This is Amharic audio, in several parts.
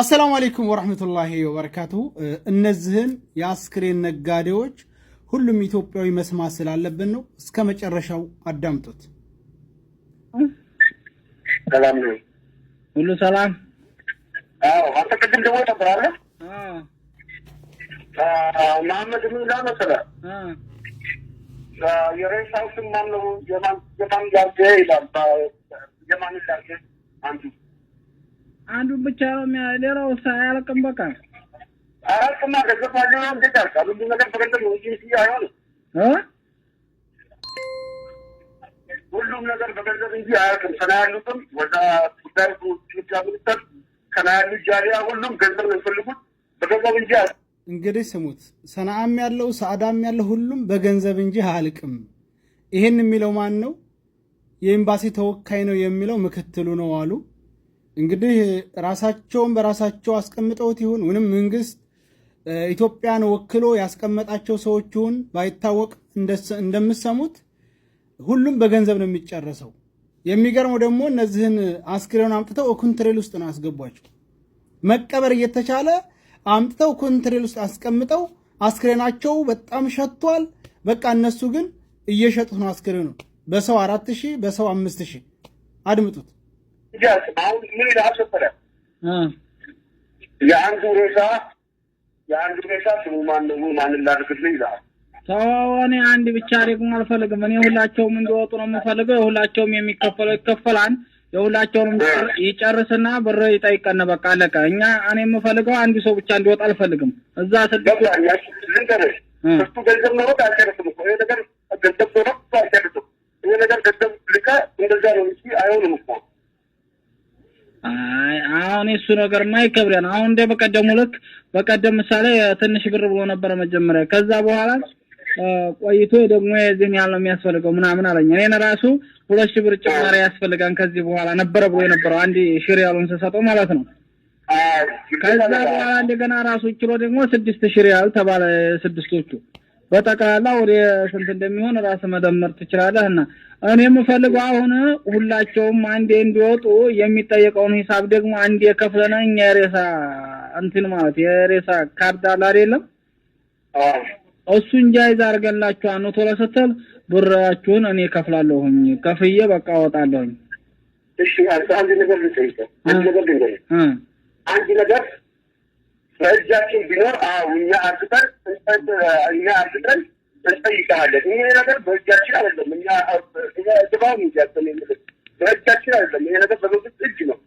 አሰላሙ አሌይኩም ወረህመቱላሂ ወበረካቱሁ። እነዚህን የአስክሬን ነጋዴዎች ሁሉም ኢትዮጵያዊ መስማት ስላለብን ነው። እስከ መጨረሻው አዳምጡት። ሁሉ ሰላም። አንተ ቅድም ደውዬ ነበር አለ መሐመድ መሰለህ። የሬሳው ስም ማነው? የማን የማን ይላል። የማን ላርገህ አንዱ አንዱን ብቻ ነው፣ ሌላው አያልቅም። በቃ አያልቅማ ከገባለ ነገር ነው ሁሉም ነገር በገንዘብ እንጂ ሰና ያሉትም ወዛ ጉዳይ ውጭ ሚኒስተር ሰናያሉ ጃሪያ ሁሉም ገንዘብ ነው የሚፈልጉት በገንዘብ እንጂ እንግዲህ ስሙት። ሰናአም ያለው ሰአዳም ያለው ሁሉም በገንዘብ እንጂ አያልቅም። ይህን የሚለው ማን ነው? የኤምባሲ ተወካይ ነው የሚለው ምክትሉ ነው አሉ። እንግዲህ ራሳቸውን በራሳቸው አስቀምጠውት ይሁን ወይም መንግስት ኢትዮጵያን ወክሎ ያስቀመጣቸው ሰዎችን ባይታወቅ እንደምሰሙት ሁሉም በገንዘብ ነው የሚጨረሰው። የሚገርመው ደግሞ እነዚህን አስክሬን አምጥተው ኮንትሬል ውስጥ ነው ያስገቧቸው። መቀበር እየተቻለ አምጥተው ኮንትሬል ውስጥ አስቀምጠው አስክሬናቸው በጣም ሸቷል። በቃ እነሱ ግን እየሸጡት ነው አስክሬኑ በሰው አራት ሺህ በሰው አምስት ሺህ አድምጡት። እያስብ አሁን ምን ይልሃል መሰለህ የአንዱ ሬሳ የአንዱ ሬሳ ስሙ ማን ነው? ማንን ላድርግልህ ይልሃል። ተው አንድ ብቻ ደግሞ አልፈልግም። እኔ ሁላቸውም እንዲወጡ ነው የምፈልገው። የሁላቸውም የሚከፈለው ይከፈላል። የሁላቸውንም ይጨርስና ብር ይጠይቀን። በቃ አለቀ። እኛ እኔ የምፈልገው አንድ ሰው ብቻ እንዲወጣ አልፈልግም። እዛ ስልክ ገንዘብ ነው አልጨርስም እኮ ይሄ ነገር ገንዘብ እሱ ነገር ነገርማ ነው። አሁን እንደ በቀደሙ ልክ በቀደም ምሳሌ ትንሽ ብር ብሎ ነበረ መጀመሪያ። ከዛ በኋላ ቆይቶ ደግሞ የዚህን ያህል ነው የሚያስፈልገው ምናምን አለኝ። እኔን ራሱ ሁለት ሺህ ብር ጭማሪ ያስፈልጋን ከዚህ በኋላ ነበረ ብሎ የነበረው አንድ ሺህ ሪያሉን ስሰጠው ማለት ነው። ከዛ በኋላ እንደገና ራሱ ችሎ ደግሞ ስድስት ሺህ ሪያል ተባለ ስድስቶቹ በጠቅላላ ወደ ስንት እንደሚሆን ራስ መደመር ትችላለህ። እና እኔ የምፈልገው አሁን ሁላቸውም አንዴ እንዲወጡ የሚጠየቀውን ሂሳብ ደግሞ አንዴ ከፍለን እኛ የሬሳ እንትን ማለት የሬሳ ካርድ አለ አይደለም? እሱን እንጃይዝ አድርገላችሁ አኑ ቶሎ ስትል ብራችሁን እኔ ከፍላለሁኝ። ከፍዬ በቃ ወጣለሁኝ። እሺ አንድ ነገር ልጠይቀህ፣ አንድ ነገር በእጃችን ቢኖር አሁ እኛ አርግተን እኛ አርግተን እንጠይቀሃለን። ይሄ ነገር በእጃችን አይደለም። እኛ እግባው እንዲያሰን የምል በእጃችን አይደለም። ይሄ ነገር በመንግስት እጅ ነው።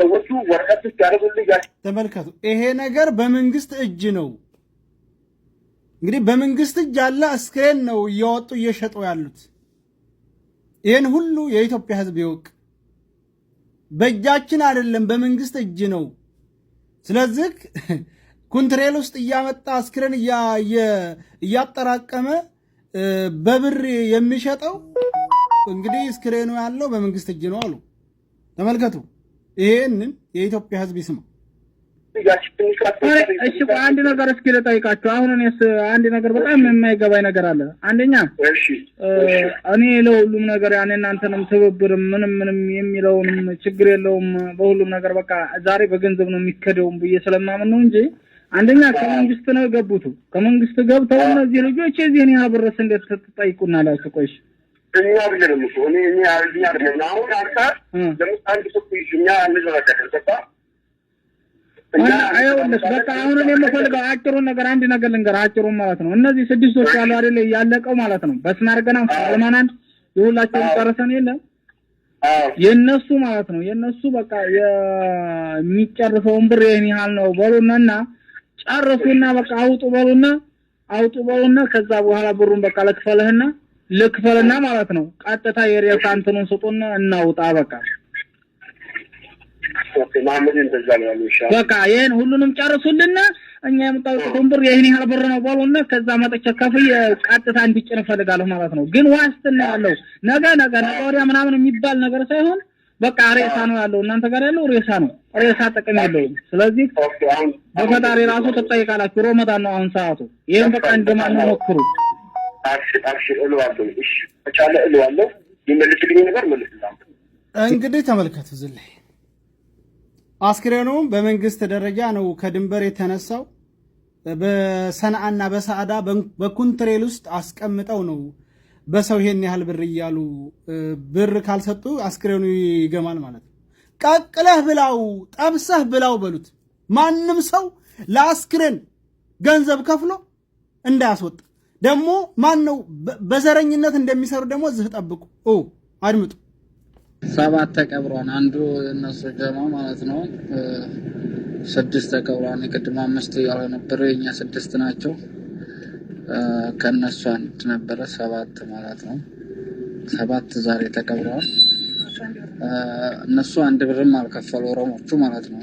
ሰዎቹ ወረቀቶች ያደረጉል ተመልከቱ። ይሄ ነገር በመንግስት እጅ ነው። እንግዲህ በመንግስት እጅ ያለ አስክሬን ነው እያወጡ እየሸጡ ያሉት። ይህን ሁሉ የኢትዮጵያ ሕዝብ ይወቅ። በእጃችን አይደለም፣ በመንግስት እጅ ነው። ስለዚህ ኩንትሬል ውስጥ እያመጣ አስክሬን እያጠራቀመ በብር የሚሸጠው እንግዲህ ስክሬኑ ያለው በመንግስት እጅ ነው አሉ። ተመልከቱ። ይሄንን የኢትዮጵያ ህዝብ ይስማ። እሺ አንድ ነገር እስኪ ልጠይቃችሁ። አሁን እኔስ አንድ ነገር በጣም የማይገባኝ ነገር አለ። አንደኛ እኔ ለሁሉም ነገር ያን እናንተንም ትብብርም ምንም ምንም የሚለውንም ችግር የለውም በሁሉም ነገር በቃ ዛሬ በገንዘብ ነው የሚከደውም ብዬ ስለማምን ነው እንጂ አንደኛ ከመንግስት ነው የገቡቱ። ከመንግስት ገብተው እነዚህ ልጆች የዚህን ያህል ብር እንዴት ትጠይቁናላችሁ? ቆይ እኛ ብለንም እኔ እኔ አሁን አንድ ሰው እኛ እንዘረጋለን ገባ ይኸውልሽ በቃ አሁን የምፈልገው አጭሩን ነገር አንድ ነገር ልንገር፣ አጭሩን ማለት ነው። እነዚህ ስድስቶች ያሉ አይደለ ያለቀው ማለት ነው። በስመ አብ ገና ሰለማን የሁላቸውን ጨርሰን የለም የእነሱ ማለት ነው የእነሱ በቃ የሚጨርሰውን ብር ይህን ያህል ነው በሉና ጨርሱና በቃ አውጡ በሉና አውጡ በሉና ከዛ በኋላ ብሩን በቃ ልክፈልህና ልክፈልህና ማለት ነው ቀጥታ የሬሳ እንትኑን ስጡና እናውጣ በቃ በቃ ይህን ሁሉንም ጨርሱልና እኛ የምታወጡትን ብር ይህን ያህል ብር ነው በሉና፣ ከዛ መጥቼ ከፍዬ ቀጥታ እንዲጭን እፈልጋለሁ ማለት ነው። ግን ዋስትና ያለው ነገ ነገ ነገ ወዲያ ምናምን የሚባል ነገር ሳይሆን በቃ ሬሳ ነው ያለው። እናንተ ጋር ያለው ሬሳ ነው። ሬሳ ጥቅም የለውም። ስለዚህ በፈጣሪ ራሱ ትጠይቃላችሁ። ሮመዳን ነው አሁን ሰዓቱ። ይህም በቃ እንደማን ነው ሞክሩ። እልዋለሁ እልዋለሁ። የሚመልስልኝ ነገር መልስ። እንግዲህ ተመልከቱ ዝላይ አስክሬኑም በመንግስት ደረጃ ነው ከድንበር የተነሳው። በሰንዓና በሰዓዳ በኩንትሬል ውስጥ አስቀምጠው ነው በሰው ይሄን ያህል ብር እያሉ ብር ካልሰጡ አስክሬኑ ይገማል ማለት ነው። ቀቅለህ ብላው፣ ጠብሰህ ብላው በሉት። ማንም ሰው ለአስክሬን ገንዘብ ከፍሎ እንዳያስወጣ ደግሞ ማን ነው በዘረኝነት እንደሚሰሩ ደግሞ እዚህ ጠብቁ፣ አድምጡ። ሰባት ተቀብሯን አንዱ እነሱ ጀማ ማለት ነው። ስድስት ተቀብሯን የቅድሞ አምስት እያለ ነበረ። የኛ ስድስት ናቸው። ከእነሱ አንድ ነበረ ሰባት ማለት ነው። ሰባት ዛሬ ተቀብረዋል። እነሱ አንድ ብርም አልከፈሉ ኦሮሞቹ ማለት ነው።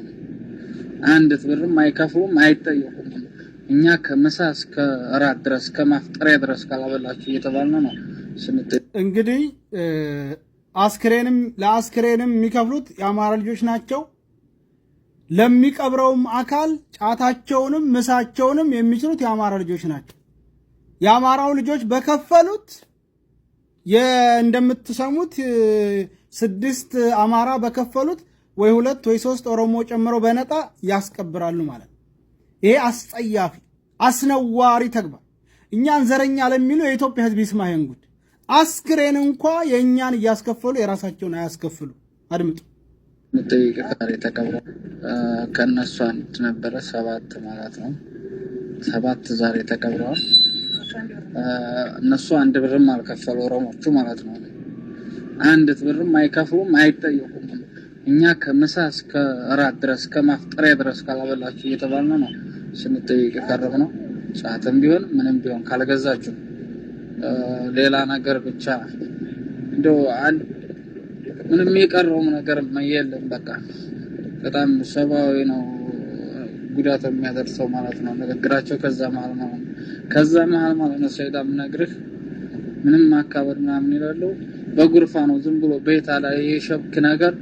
አንድ ብርም አይከፍሉም አይጠየቁም። እኛ ከምሳ እስከ እራት ድረስ ከማፍጠሪያ ድረስ ካላበላችሁ እየተባልን ነው ስንት እንግዲህ አስክሬንም ለአስክሬንም የሚከፍሉት የአማራ ልጆች ናቸው። ለሚቀብረውም አካል ጫታቸውንም ምሳቸውንም የሚችሉት የአማራ ልጆች ናቸው። የአማራው ልጆች በከፈሉት እንደምትሰሙት ስድስት አማራ በከፈሉት ወይ ሁለት ወይ ሶስት ኦሮሞ ጨምሮ በነጣ ያስቀብራሉ ማለት ነው። ይሄ አስጸያፊ አስነዋሪ ተግባር እኛን ዘረኛ ለሚሉ የኢትዮጵያ ሕዝብ ይስማ ይንጉድ። አስክሬን እንኳ የእኛን እያስከፈሉ የራሳቸውን አያስከፍሉ። አድምጡ። ጠይቅ ዛሬ ተቀብሮ ከእነሱ አንድ ነበረ ሰባት ማለት ነው። ሰባት ዛሬ ተቀብረዋል። እነሱ አንድ ብርም አልከፈሉ ኦሮሞቹ ማለት ነው። አንድ ብርም አይከፍሉም፣ አይጠየቁም። እኛ ከምሳ እስከ እራት ድረስ ከማፍጠሪያ ድረስ ካላበላችሁ እየተባልን ነው ስንጠይቅ የቀረብ ነው። ሰዓትም ቢሆን ምንም ቢሆን ካልገዛችሁ ሌላ ነገር ብቻ እንደው ምንም የቀረውም ነገር የለም። በቃ በጣም ሰብአዊ ነው ጉዳት የሚያደርሰው ማለት ነው ንግግራቸው። ከዛ መሀል ማለት ነው ከዛ መሀል ማለት ነው ሰይጣን ነግርህ ምንም ማካበድ ምናምን ይላሉ። በጉርፋ ነው ዝም ብሎ ቤታ ላይ የሸብክ ነገር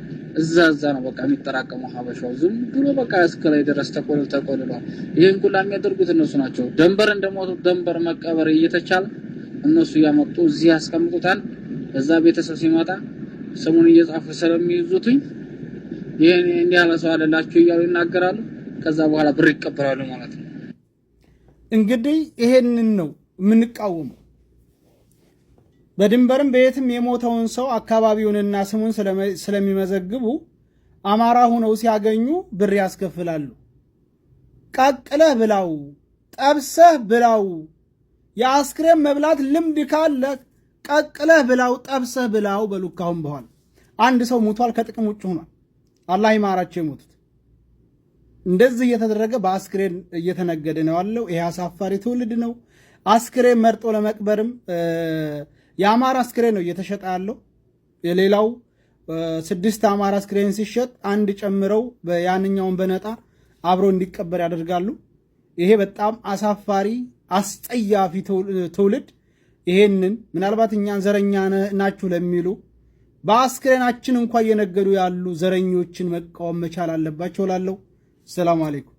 እዛ እዛ ነው በቃ የሚጠራቀመው። ሀበሻው ዝም ብሎ በቃ እስከ ላይ ድረስ ተቆልል ተቆልሏል። ይህን ሁላ የሚያደርጉት እነሱ ናቸው። ደንበር እንደሞቱ ደንበር መቀበር እየተቻለ እነሱ እያመጡ እዚህ ያስቀምጡታል። እዛ ቤተሰብ ሲመጣ ስሙን እየጻፉ ስለሚይዙትኝ ይህን እንዲህ ያለ ሰው አለላችሁ እያሉ ይናገራሉ። ከዛ በኋላ ብር ይቀበላሉ ማለት ነው። እንግዲህ ይሄንን ነው የምንቃወመው። በድንበርም በየትም የሞተውን ሰው አካባቢውንና ስሙን ስለሚመዘግቡ አማራ ሁነው ሲያገኙ ብር ያስከፍላሉ። ቀቅለህ ብላው፣ ጠብሰህ ብላው የአስክሬን መብላት ልምድ ካለ ቀቅለህ ብላው፣ ጠብሰህ ብላው በሉ። ካሁን በኋላ አንድ ሰው ሙቷል፣ ከጥቅም ውጭ ሆኗል። አላህ ይማራቸው የሞቱት። እንደዚህ እየተደረገ በአስክሬን እየተነገደ ነው ያለው። ይሄ አሳፋሪ ትውልድ ነው። አስክሬን መርጦ ለመቅበርም የአማራ አስክሬን ነው እየተሸጠ ያለው። የሌላው ስድስት አማራ አስክሬን ሲሸጥ አንድ ጨምረው ያንኛውን በነጣ አብሮ እንዲቀበር ያደርጋሉ። ይሄ በጣም አሳፋሪ አስጸያፊ ትውልድ ይሄንን ምናልባት እኛን ዘረኛ ናችሁ ለሚሉ በአስክሬናችን እንኳ እየነገዱ ያሉ ዘረኞችን መቃወም መቻል አለባቸው። ላለው ሰላም አሌይኩም።